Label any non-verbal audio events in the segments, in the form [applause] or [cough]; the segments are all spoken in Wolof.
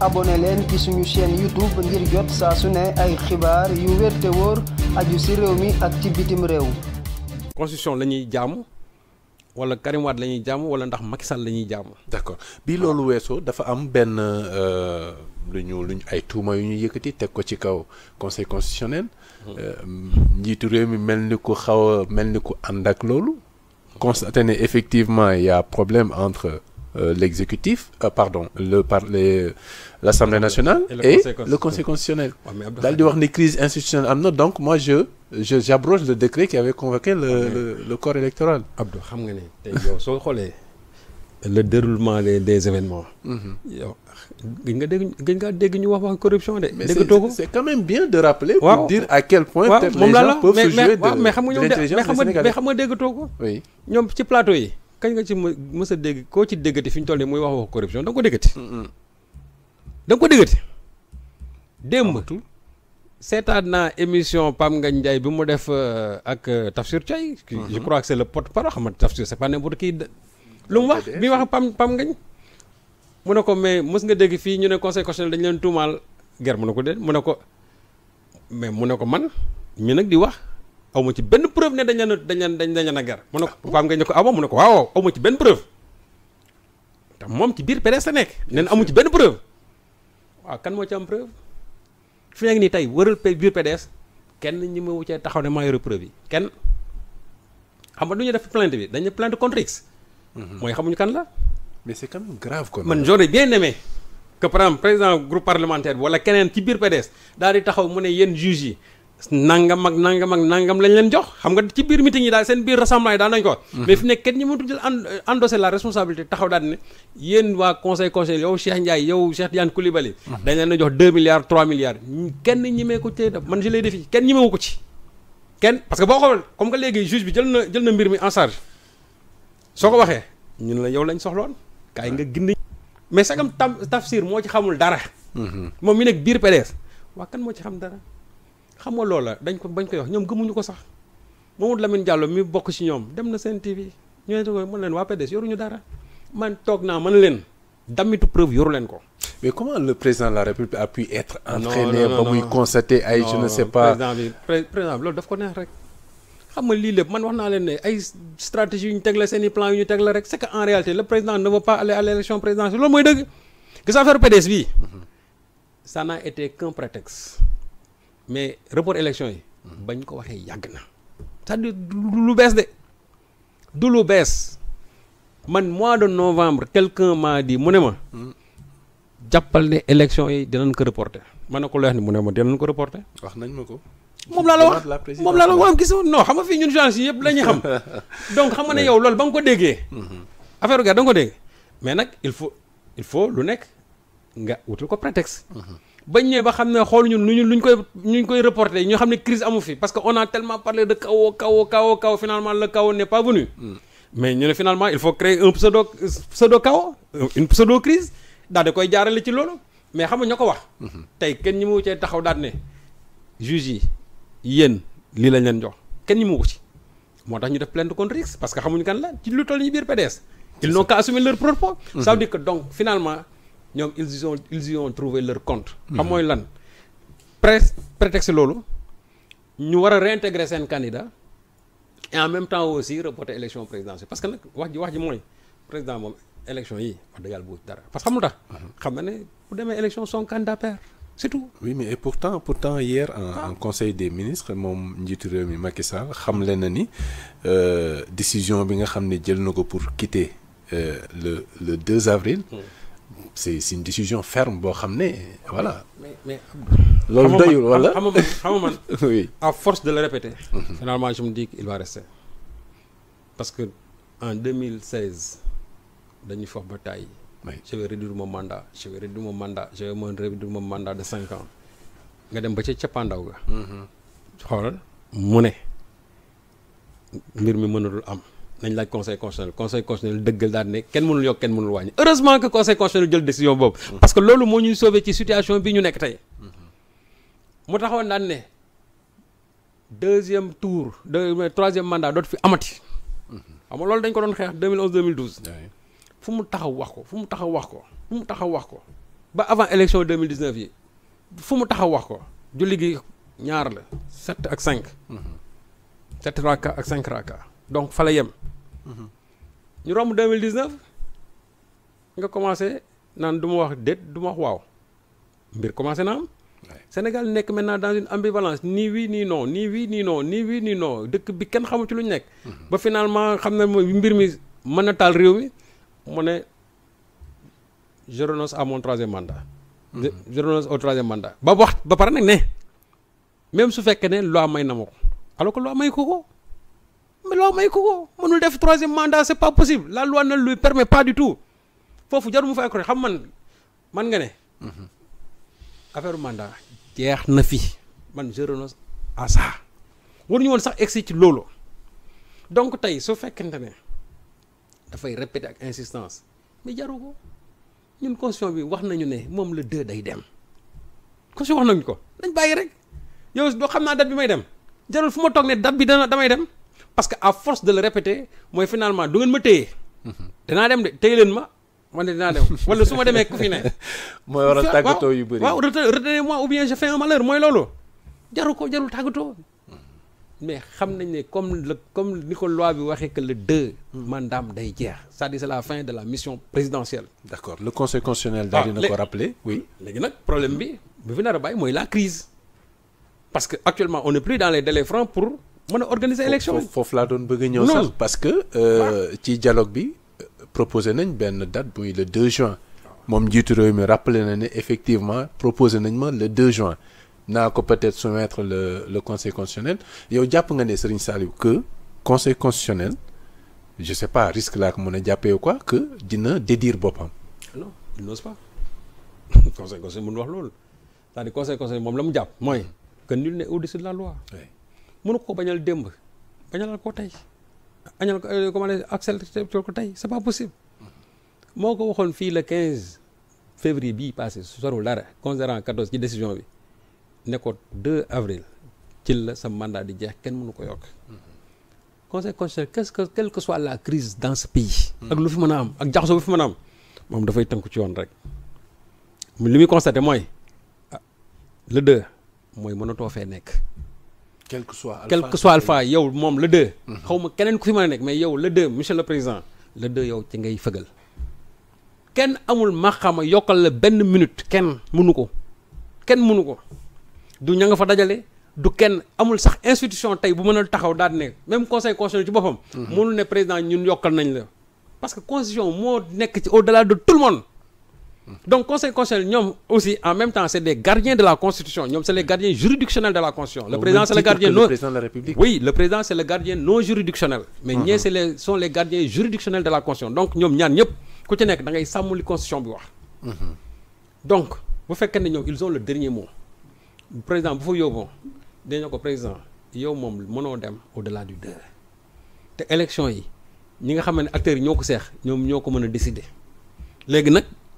abonné leen ci suñu chaîne YouTube ngir jot saa su ne ay xibaar yu wér te wóor aju si réew mi ak ci bitim réew. constitution la ñuy jaamu wala Karim Wade la ñuy jaamu wala ndax Macky Sall la ñuy jaamu. d'accord bi loolu weesoo dafa am benn euh, lu ñu lu ay tuuma yu ñu yëkkati teg ko ci kaw conseil constitutionnel. Hmm. Euh, njiitu réew mi mel ni ku xaw a mel ni ku ànd ak loolu. constaté ne effectivement il y a problème entre. Euh, l'exécutif euh, pardon le par les l'Assemblée nationale et le Conseil constitutionnel daal di wax ni crise institutionnelle am na donc moi je je j'abroge le décret qui avait convoqué le le corps électoral Abdou xam nga ne soo xoolee le déroulement des des événements mhm. yow gën nga dégg wax wax corruption de déggatoo ko c'est quand même bien de rappeler pour dire à quel point peut-être peuvent se jouer de mais xam nga ñoom mais xam nga déggatoo ko oui ñoom ci yi kañ nga ci mës a dégg koo ci déggati fi ñu toll nii muy wax wax corruption da nga ko déggati. Mm, mm. da nga ko déggati. démb seetaan émission Pam Ngagne njaay bi mu def euh, ak euh, Tafsir Thiaye. Mm-hmm. je crois que c' est le porte par xam nga Tafsir c' est pas n'importe qui. lu mu wax bi wax Pam Pam ngañ mu ne ko mais mës nga dégg fii ñu ne conseil constitutionnel dañ leen tuumaal ger mu ne ko déet mu ne ko mais mu ne ko man mii nag di wax. aw ma ci benn preuve ne dañ leen a dañ leen dañ leen a ger. mu ne ko Pape ah Ngagne ne ko aw ah ma mu ne ko waaw aw ma ci benn preuve te moom ci biir PDS la nekk nee na amu ci benn preuve waaw kan moo ci am preuve fi nekk nii tey wëral biir PDS kenn ñi ma wuccee taxaw ne maa yore preuve yi kenn xam nga du ñu def plainte bi dañu plainte contre X. Mhm. mooy xamuñu kan la. mais c'est quand même grave kon. man j'aurais bien aimé que par exemple président groupe parlementaire bi wala keneen ci biir PDS daal di taxaw mu ne yéen juges yi. nangam ak nangam ak nangam lañ leen jox xam nga ci biir meeting yi daal seen biir rassemblement yi daal nañ ko hmm. mais fi nekk kenn ñi mëntu jël endossé la responsabilité taxaw daal ne yéen waa conseil conseil yow Cheikh Ndiaye yow Cheikh Diane Coulibaly hmm. dañ leen na jox 2 milliards 3 milliards kenn ñimee ko ci man je l'ai défi kenn ñimewu ko ci kenn parce que boo xool comme que léegi juge bi jël na jël na mbir mi en charge soo ko waxee ñun la yow lañ soxloon kaay nga gindi mais sagam tam tafsir moo ci xamul dara hmm. moom mi nekk biir PDS waa kan moo ci xam dara xam nga loola dañ ko bañ koy wax ñoom gëmuñu ko sax Mamadou Lamine Diallo mi bokk ci ñoom dem na seen TV ñooñu ko mën leen waa yoru ñu dara man toog naa mën leen damitu preuve yoru leen ko. mais comment le président de la République a pu être entraîné loolu daf ko neex rek xam nga lii lépp man wax naa leen ne ay stratégie yu ñu teg la seen i plan yu ñu teg la rek c'est en réalité le président ne veut pas aller à l'élection présidentielle loolu mooy dëgg gis affaire PDS mhm. n'a été qu'un prétexte mais report élection yi. bañ ko waxee yàgg na. cest à du lu bees de du lu bees man mois de novembre quelqu'un m'a di mu ne ma. jàppal ne élection yi dinañ ko reporter man na ko leex ni mu ne ma dinañ ko reporter. wax nañ ma ko. moom laa la wax moom laa la wax gis non xam nga fii ñun gens yi yëpp la ñuy xam. [laughs] donc xam nga ne yow loolu ba nga ko déggee. Mm-hmm. affaire ga da nga ko dégg mais nag il faut il lu nekk nga wutul ko prétexte. Mm-hmm. bañ ñëwee ba xam ne xool ñun lu ñu luñ koy ñu koy reporté ñu xam ne crise amu fi parce que on a tellement parlé de chaos chaos chaos chaos finalement le chaos n'est pas venu mm. mais ñu ne finalement il faut créer un pseudo pseudo chaos une pseudo crise daal koy jaarale ci loolu mais xam nga ñoo ko wax mm-hmm. tey kenn ñi mu cee taxaw daal ne juge yi yéen lii lañ jox kenn ñi mu ko ci moo tax ñu def plainte contre X parce que xamuñu kan la ci lu toll ñu biir PDS ils n'ont qu'à assumer mm-hmm. finalement ñoom ils ont ils y leur compte. Mhm. xam mooy lan presse prétexte loolu ñu war a réintégrer seen candidat et en même temps aussi reporter élection présidentielle parce que nag wax ji wax ji mooy président moom élection yi wax dëgg yàlla dara parce que xam nga tax. Mhm. xam na ne bu demee élection son candidat perd. c'est tout oui mais et pourtant pourtant hier en conseil des ministres moom njiitu réew mi Macky xam xamle na ni euh, décision bi nga xam ne jël na ko pour quitter euh, le le 2 avril. Hmm. c'est c'est une décision ferme boo xam ne voilà. mais mais loolu doyul wala xam nga xam man [laughs] oui à force de le répéter. Mhm. finalement je me dis qu'il va parce que en 2016 dañuy fox ba tàyyi. je vais réduire mon mandat je vais réduire moom mandat je vais réduire mon mandat de cinq ans nga dem ba ca cappaandaw ga. Mhm. xoolal mu ne mbir mi mënul am. nañ laaj conseil constitutionnel conseil constitutionnel dëggal daal ne kenn mënul yokk kenn mënul wàññi heureusement que conseil constitutionnel jël décision boobu. Mm-hmm. parce que loolu moo ñuy sauver ci situation bi ñu nekk tey. Mm-hmm. mu taxoon daan ne deuxième tour de troisième mandat dootu fi amati. Mm-hmm. xam nga loolu dañ ko doon xeex 2011 2012. fu mu taxaw wax ko fu mu taxaw wax ko fu mu taxaw wax ko ba avant élection 2019 yi fu mu taxaw wax ko julli gi ñaar la 7 ak 5. 7 raka donc fa yem. ñu romb 2019 nga commencé naan du ma wax déet du ma wax waaw mbir commencé na am. Sénégal nekk maintenant dans une ambivalence nii oui nii non nii oui nii non nii oui nii dëkk bi kenn xamu ci lu ñu nekk. Mhm. ba finalement xam ne mbir mi mën na taal réew mi mu ne je renonce à mon troisième mandat. je mhm. au troisième mandat. ba wax ba pare nag ne même su fekkee ne loi may na ma ko alors que loi may ko ko. mais may ko ko mënul def troisième mandat c'est pas possible la loi ne lui permet pas du tout foofu jaru mu fay xam man man nga ne. Mhm. affaire mandat jeex na fi man je à ça waruñu sax egsi ci loolu donc tey su fekkente ne dafay répéter ak insistance mais jaru ko ñun constitution bi wax nañu ne moom la deux day dem constitution wax nañu ko dañ bàyyi rek yow doo xam naa date bi may dem jarul fu ma toog ne date bi dana damay dem. parce que à force de le répéter mooy finalement du ngeen ma téye. danaa dem de téye leen ma man de dinaa dem [laughs] wala su ma demee ko fi ne. [laughs] mooy waral tàggatoo yu bëri waaw moi ou bien je fais un malheur mooy loolu. jaru ko jarul tàggatoo. Hmm. mais xam nañ ne comme le comme ni ko loi bi waxee que le deux hmm. mandaam day jeex sa à dire la fin de la mission présidentielle. d'accord le conseil constitutionnel daal dina ah, ko rappeler oui. léegi nag problème bi bu fi nar a mooy la crise parce que actuellement on n'est plus pour. mën a organise élection foofu laa doon bëgg a ñëw parce que euh, ci dialogue bi euh, proposé nañ benn date buy le 2 juin moom njiitu réew mi rappelé na ne effectivement proposé nañ ma le 2 juin naa ko peut-être soumettre le le conseil constitutionnel yow jàpp nga ne Serigne Saliou que conseil constitutionnel je sais pas risque laa ko mën a jàppee quoi que dina dédire boppam. non il n'ose pas [laughs] conseil conseil mun wax loolu moom la mu jàpp mooy kon nul n'est au-dessus de la loi. mënu ko bañal démb bañalal ko tey añal ko euh, comment dire accepté ko tey c'est pas possible moo ko waxoon fii la 15 février bii su sorul dara considérant 14 ci décision bi ne ko 2 avril ci la sa mandat di jeex kenn mënu ko yokk conseil constitutionnel quest que quelle que soit la crise dans ce pays ak lu fi mën a am ak jaxasoo bu fi mën a am moom dafay tënku ci yoon rek li muy constaté mooy ah, le deux mooy mënatoo fee nekk quel que soit quel que soit alpha yow moom la deux xaw ma keneen ku fi mën a nekk mais yow le deux monsieur le président le deux yow ci ngay fëgal kenn amul maxama yokkal la benn minute kenn mënu ko kenn mënu ko du ña nga fa dajale du kenn amul sax institution tey bu mën a taxaw daal ne même conseil constitutionnel ci boppam mënul mhm. ne président ñun yokkal nañ la parce que constitution moo nekk ci au delà de tout le monde donc conseil constitutionnel ñoom aussi en même temps c' est des de la constitution ñoom c' est les gardiens juridictionnels de la constitution. le président c' est le gardien non le président de la république. oui le président c' est le gardien non juridictionnel. mais uh-huh. ñee c' est les sont les gardiens de la constitution donc ñoom ñaan ñëpp ku ci nekk da sàmm li constitution bi wax. Uh-huh. donc fekkee ne ñoom ils ont le dernier mot président bu fa yóbboo dañu ko président yow moom mënoo dem au delà du te élection yi ñi nga xam ne acteurs ñoo ko seex ñoom ñoo ko mën a décider nag.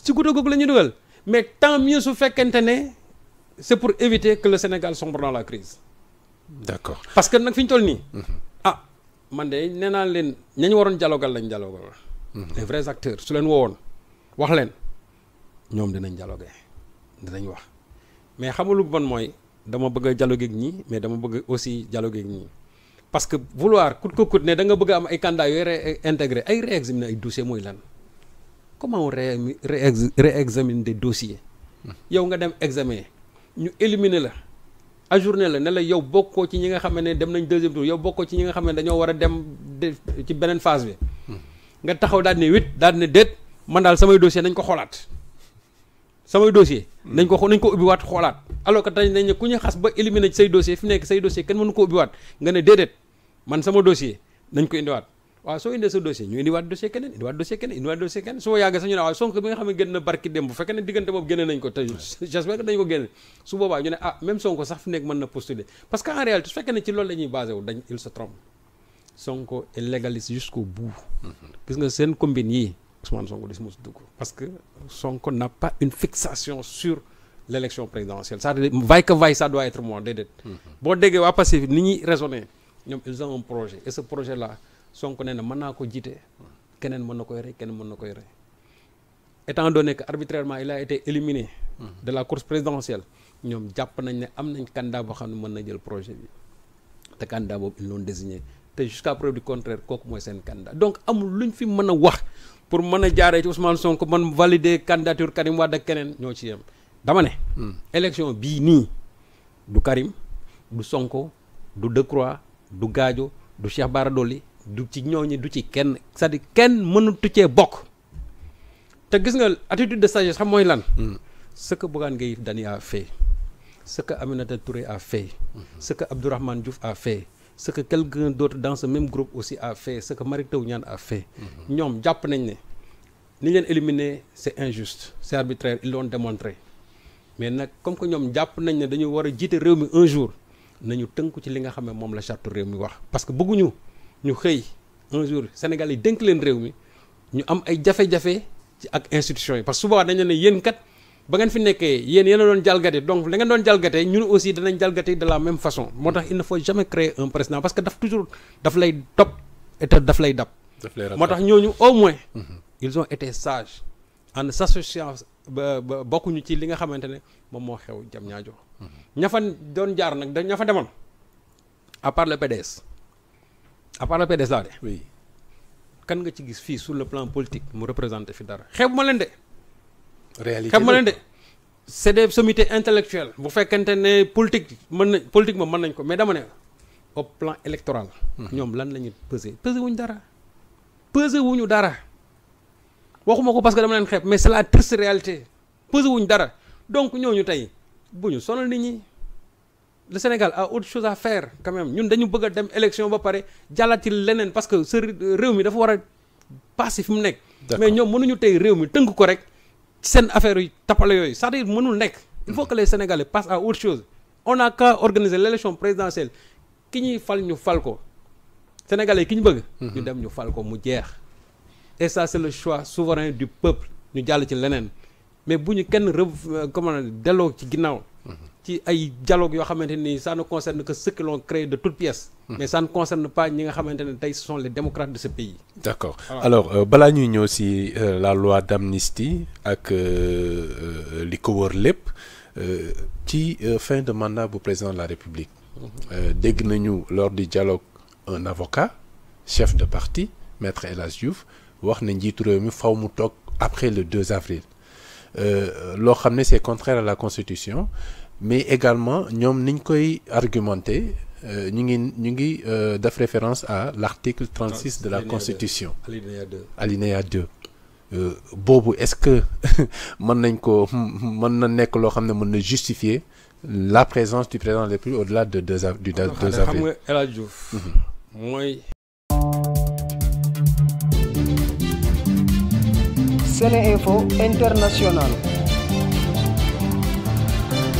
si guddo googu la ñuy dugal mais temps mieux su fekkente ne c'est pour éviter que le Sénégal sombre dans la crise d'accord parce que nag fi ñu toll nii mhm. ah man de nee naa leen ñañ waroon dialogal lañ dialogal mhm. les vrais acteurs su leen woowoon wax leen ñoom dinañ dialoguer dinañ wax mais xamalu bon mooy dama bëgg a dialoguer ak ñi mais dama bëgg aussi dialoguer ñi parce que vouloir coûte que coûte ne da nga bëgg a am ay kandaa yooyu intégré ay réexaminer ay dossier mooy lan comment on ré réexamine des dossiers yow nga dem examiner ñu éliminer la ajourné la ne la yow bokkoo ci ñi nga xam ne dem nañ deuxième tour yow bokkoo ci ñi nga xam ne dañoo war a dem ci beneen phase bi nga taxaw daal ne huit daal ne déet man daal samay dossier nañ ko xoolaat samay dossier nañ ko nañ ko ubbiwaat xoolaat alors que tey nañ ne ku ñu xas ba éliminer ci say dossier fi nekk say dossier kenn mënu ko ubbiwaat nga ne déedéet man sama dossier nañ ko indiwaat waaw soo indee sa dossier ñu indiwaat dossier keneen indiwaat dossier keneen indiwaat dossier keneen su ma yàggee sax ñu ne waaw Sonko bi nga xam ne génn na barki dem bu fekkee ne diggante boobu génne nañ ko te j'espère que dañ ko génne su boobaa ñu ne ah même Sonko sax fi nekk mën na postuler parce que en réalité su fekkee ne ci loolu la ñuy basé wu dañ il se trompe Sonko est légaliste jusqu'au bout mm-hmm. gis nga seen combine yii Ousmane Sonko dis mosu dugg parce que Sonko n'a pas une fixation sur l'élection présidentielle c'est-à-dire vaille que vaille ça doit être moi déedéet mm-hmm. boo déggee waa Pastef ni ñuy raisonner ñoom ils ont un projet et ce projet là Sonko nee na mën naa ko jiite keneen mën na koy rey keneen mën na koy rey étant donné nekk arbitrairement il a été éliminé de la course présidentielle ñoom jàpp nañ ne am nañ candidat boo xam ne mën na jël projet bi te candidat boobu ils désigné te jusqu'à preuve du contraire kooku mooy seen candidat donc amul luñ fi mën a wax pour mën a jaaree ci Ousmane Sonko man valider candidature Karim Wade ak keneen ñoo ci yem dama ne élection bii nii du Karim du Sonko du Decroix du Gadio du Cheikh Bara Dolly du ci ñooñu du ci kenn cest à kenn mënatu cee bokk te gis nga attitude de sagesse xam mooy lan hmm. ce que Bougane Gueye Dany a fait ce que Aminata Touré a fait hmm. ce que Abdourahmane Diouf a fait ce que quelqu'un d'autre dans ce même groupe aussi a fait ce que Mary Teuw Niane a fait hmm. ñoom jàpp nañ ne ni leen éliminer c'est injuste c'est arbitraire ils l'ont démontré mais nag comme que ñoom jàpp nañ ne dañu war a jiite réew mi un jour nañu tënku ci li nga xam ne moom la charte réew mi wax parce que bëgguñu ñu xëy un jour Sénégal yi dénk leen réew mi ñu am ay jafe-jafe ci ak institution yi parce que suba dañu ne yéen kat ba ngeen fi nekkee yéen yéen a doon jalgate donc la ngeen doon ñu ñun aussi danañ jalgate de la même façon moo tax il ne faut jamais créer un précédent parce que daf toujours dafa lay topp et daf lay dab. moo tax ñooñu au moins. Mhm. ils ont été sages en s'associant ba ba bokkuñu ci li nga xamante ne moom moo xew jam ñaa jox ña jaar nag da fa demoon à part le PDS. à part le PDS de kan nga ci gis fii sur le plan politique mu représenté fi dara xeeb ma leen de. réalité xeeb ma leen de. c' est des sommités intellectuelles bu fekkente ne politique mën na politique moom mën nañ ko mais dama ne au plan électoral. ñoom lan la ñu peser peser wuñu dara. peser wuñu dara waxuma ko parce que dama leen xeeb mais c' est la triste réalité peser dara donc ñooñu tey bu ñu sonal nit ñi. le Sénégal a autre chose à faire quand même ñun dañu bëgg dem élection ba pare jàllati leneen parce que sa réew mi dafa war a passé fi mu nekk. mais ñoom mënuñu tey réew mi tënk ko rek ci seen affaire yu tapale yooyu cest dire mënul nekk. il faut que les Sénégalais passent à autre chose on n'a qu'à organiser l'élection présidentielle ki ñuy fal ñu fal ko Sénégalais ki ñu bëgg. Mhm. ñu dem ñu fal ko mu jeex. et ça c'est le choix souverain du peuple ñu jàll ci leneen mais bu ñu kenn re euh, comment delloo ci ginnaaw. ci ay dialogue yoo xamante ni ça ne concerne que ceux que l'on crée de toutes pièces hmm. mais ça ne concerne pas ñi nga xamante ne tey ce sont les démocrates de ce pays d'accord ah. alors euh, balaa ñuy ñëw si euh, la loi d'amnistie ak euh, li ko wër lépp ci fin de mandat bu président de la république hmm. dégg nañu lors du dialogue un avocat chef de parti maître El Hadj wax na njiitu réew mi faw mu toog après le 2 avril loo xam ne c'est contraire à la constitution mais également ñoom niñ koy argumenté euh, ñu ngi ñu ngi euh, def référence à l'article 36 de la constitution alinéa 2 euh, boobu est-ce que [laughs] mën nañ ko mën na nekk loo xam ne mën na justifier la présence du président de la République au-delà de deux du deux avril